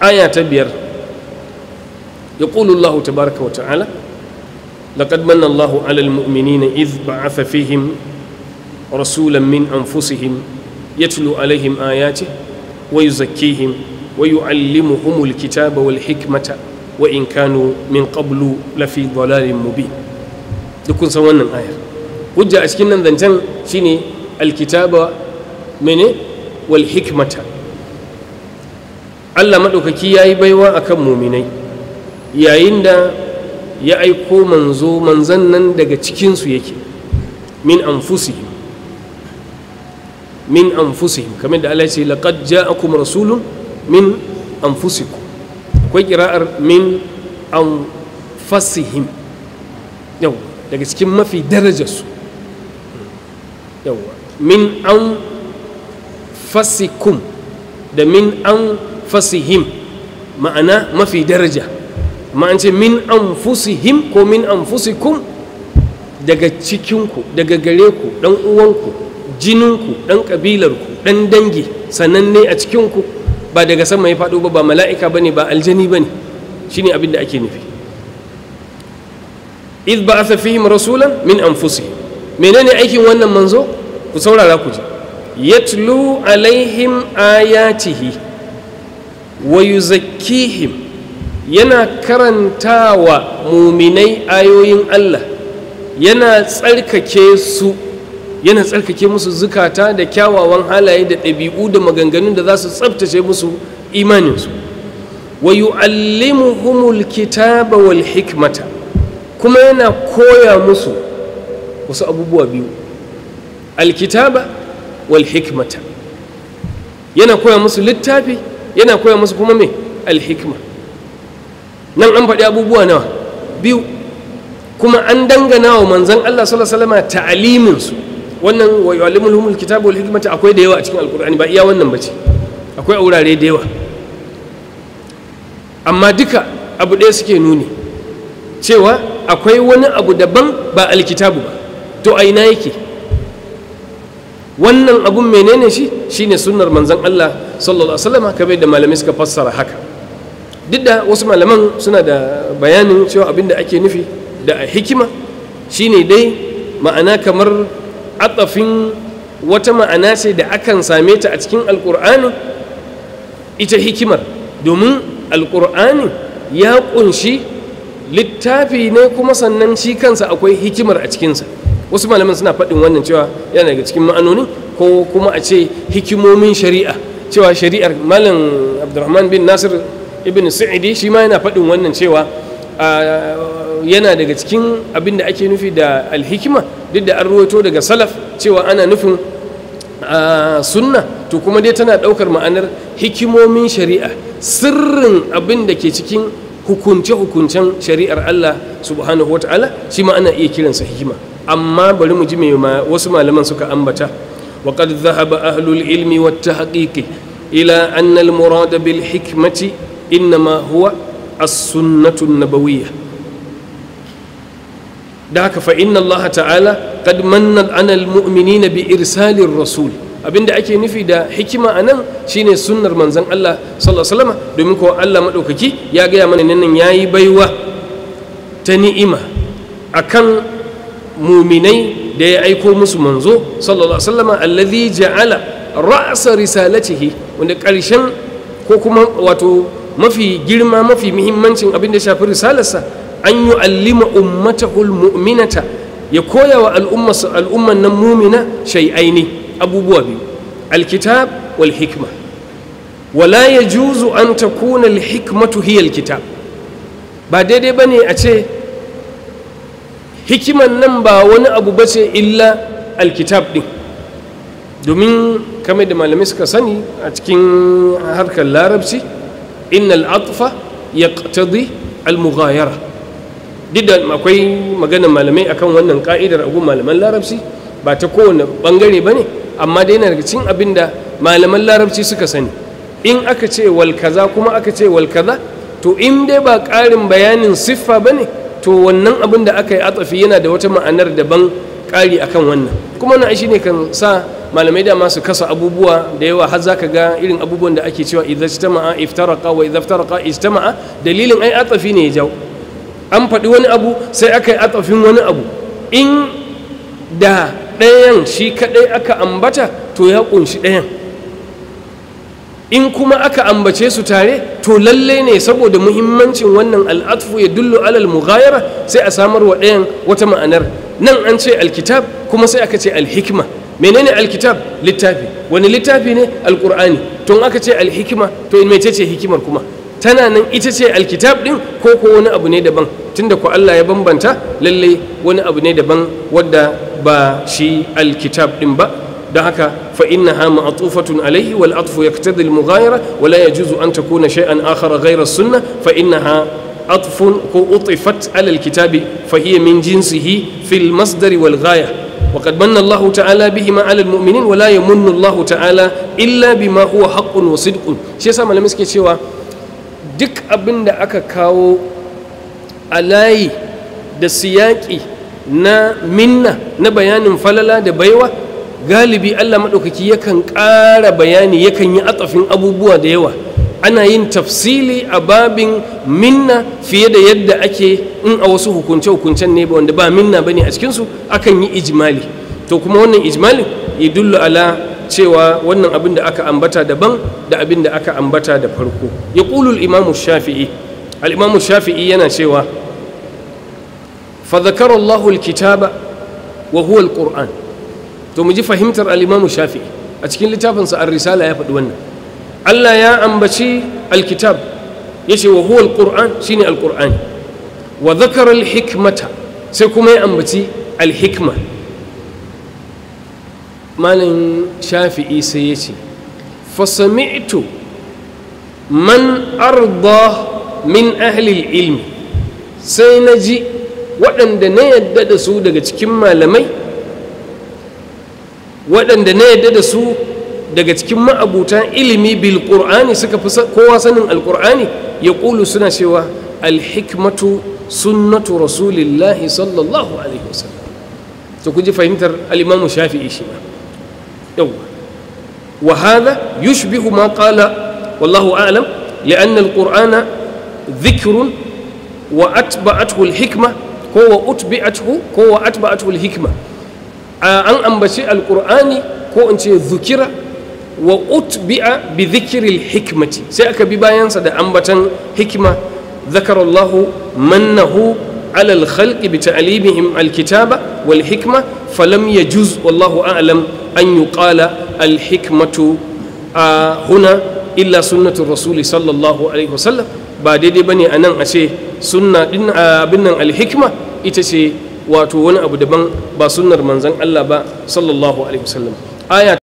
aya ta biyar ya Allah tabaraka wa ta'ala لقد من الله على المؤمنين إذ بعث فيهم رسولا من أنفسهم يتلو عليهم آياته ويزكيهم ويعلمهم الكتاب والحكمة وإن كانوا من قبل لفي ضلال مبين دكون سوانا آية وجاء أشكنا ذنجان شيني الكتاب من والحكمة allah maɗaukaki ya yi baiwa a kan muminai yayin da ya aiko manzo manzan nan daga cikinsu yake min anfusihim min anfusihim kamar da allah ya ce laqad ja'akum rasulun min anfusikum akwai kira'ar min anfasihim yau daga cikin mafi darajarsu yau min anfasikum da min an anfasihim ma'ana mafi daraja ma'an ce min anfusihim ko min anfusikum daga cikinku daga gare ku dan uwanku jininku dan kabilarku dan dangi ne a cikinku ba daga sama ya faɗo ba ba mala'ika bane ba aljani bane shine abin da ake nufi iz ba'atha fihim rasulan min anfusihim menene aikin wannan manzo ku saurara ku ji yatlu alaihim ayatihi wa yuzakkihim yana karantawa muminai ayoyin Allah yana tsarkake su yana tsarkake musu zukata da kyawawan halaye da ɗabi'u da maganganun da za su tsabtace musu imaninsu wa yu'allimuhumul kitaba wal hikmata kuma yana koya musu wasu abubuwa biyu alkitaba wal hikmata yana koya musu littafi yana koya musu kuma mai alhikma nan an faɗi abubuwa nawa biyu kuma an dangana wa manzan Allah sallallahu alaihi su wannan wa yu'allimuhumul kitaba wal akwai da yawa a cikin alqur'ani ba iya wannan bace akwai aurare da yawa amma duka abu ɗaya suke nuni cewa akwai wani abu daban ba alkitabu ba to a ina yake wannan abun menene shi shine sunnar manzon Allah sallallahu alaihi wasallam kamar da malamai suka fassara haka duk da wasu malaman suna da bayanin cewa abin da ake nufi da a hikima shine dai ma'ana kamar atafin wata ma'ana ce da akan same ta a cikin alkur'ani ita hikimar domin alkur'ani ya ƙunshi littafi ne kuma sannan shi kansa akwai hikimar a cikinsa wasu malaman suna faɗin wannan cewa yana daga cikin ma'anoni ko kuma a ce hikimomin shari'a cewa shari'ar malam abdurrahman bin nasir ibn sa'idi shi ma yana faɗin wannan cewa yana daga cikin abin da ake nufi da alhikima duk da an ruwaito daga salaf cewa ana nufin sunna to kuma dai tana ɗaukar ma'anar hikimomin shari'a sirrin abin da ke cikin hukunce-hukuncen shari'ar Allah subhanahu wa ta'ala shi ma ana iya kiransa hikima amma bari mu ji mai wasu malaman suka ambata wa dhahaba ahlul ilmi wat tahqiqi ila anna al murad bil hikmati huwa as-sunnatu an-nabawiyyah da haka fa inna Allah ta'ala qad manna ala al mu'minina bi irsali rasul abinda ake nufi da hikima a nan shine sunnar manzon Allah sallallahu alaihi wasallam domin ko Allah madaukaki ya gaya mana nan yayi baiwa ta ni'ima akan muminai da ya aiko musu manzo sallallahu alaihi allazi ja'ala ra'sa risalatihi wanda ƙarshen ko kuma wato mafi girma mafi muhimmancin abin da shafi risalarsa an yu'allima ummatahu almu'minata ya koya wa al'umman nan mumina shay'aini abubuwa biyu alkitab wal hikma wala yajuzu an takuna alhikmatu hiya alkitab ba daidai bane a ce hikiman nan ba wani abu ba ce illa alkitab ɗin domin kamar da malamai suka sani a cikin harkar larabci innal atfa ya ƙatadi almughayara duk da akwai maganar malamai akan wannan ka'idar agun malaman larabci ba ta kowane ɓangare ba ne amma dai yana daga cikin abin da malaman larabci suka sani in aka ce wal kaza kuma aka ce wal kaza to in dai ba ƙarin bayanin siffa ba ne to wannan abin da aka yi atafi yana da wata ma'anar daban ƙari akan wannan kuma na shi ne kan sa malamai da masu kasa abubuwa da yawa har zaka ga irin abubuwan da ake cewa idza istama'a iftaraqa wa idza iftaraqa istama'a dalilin ai atafi ne ya jawo an faɗi wani abu sai aka yi atafin wani abu in da ɗayan shi kaɗai aka ambata to ya ƙunshi ɗayan in kuma aka ambace su tare to lalle ne saboda muhimmancin wannan al'atfu ya dullu alal mughayara sai a samar wa ɗayan wata ma'anar nan an ce alkitab kuma sai aka ce alhikma menene alkitab littafi wani littafi ne alqur'ani to in aka ce alhikma to in hikimar kuma tana nan ita ce alkitab din ko ko wani abu ne daban tunda ko Allah ya bambanta lalle wani abu ne daban wadda ba shi alkitab din ba don haka fa inna ha ma'atufatun alaihi wal atfu yaqtadi al mughayara wa la yajuzu an takuna shay'an akhar ghayra sunnah fa inna ha atfun ko utifat ala al kitabi fa hiya min jinsihi fil masdar wal ghaya ta'ala من ma تعالى بهما على المؤمنين ولا يمن ta'ala illa إلا بما هو wa وصدق شيء سامع لما cewa duk abin da aka kawo alayi da siyaki na minna na bayanin falala da baiwa galibi Allah maɗaukaki yakan ƙara bayani yakan yi atsafin abubuwa da yawa ana yin tafsili a babin minna fiye da yadda ake in a wasu hukunce-hukuncen ne wanda ba minna ba ne a cikinsu akan yi ijimali to kuma wannan ijimali ya dullu ala cewa wannan abin da aka ambata daban da abin da aka ambata da farko ya ƙulul imamu shafi'i al'imamu shafi'i yana cewa fa zakarallahu alkitaba wa huwa alquran to mu ji fahimtar al'imamu shafi a cikin littafinsa an risala ya faɗi wannan allah ya ambaci alkitab ya ce wa huwa alƙur'an shine alƙur'an wa zakar alhikmata sai kuma ya ambaci alhikma malin shafi'i sai ya ce fasami'tu man arda min ahlil ilmi sai na ji waɗanda na yadda da su daga cikin malamai waɗanda na yadda da su daga cikin ma'abutan ilimi bil qur'ani suka fi kowa sanin alqur'ani ya ƙulu suna cewa alhikmatu sunnatu rasulillahi sallallahu alaihi wasallam to ku ji fahimtar alimamu shafi'i shi ma yawwa wa hadha yushbihu ma qala wallahu a'lam li'anna alqur'ana dhikrun wa atba'athu kowa ko wa utbi'athu kowa wa atba'athu an ambaci alkur'ani ko in ce zukira wa utbi'a bi zikiril hikmati sai aka bi bayansa da ambatan hikima zakarallahu mannahu على الخلق بتعليمهم الكتاب والحكمة فلم يجوز والله أعلم أن يقال الحكمة آه هنا إلا سنة الرسول صلى الله عليه وسلم بعد دي بني أنا أشي سنة إن آه الحكمة إتشي wato wani abu daban ba sunnar manzon Allah ba sallallahu alaihi wasallam aya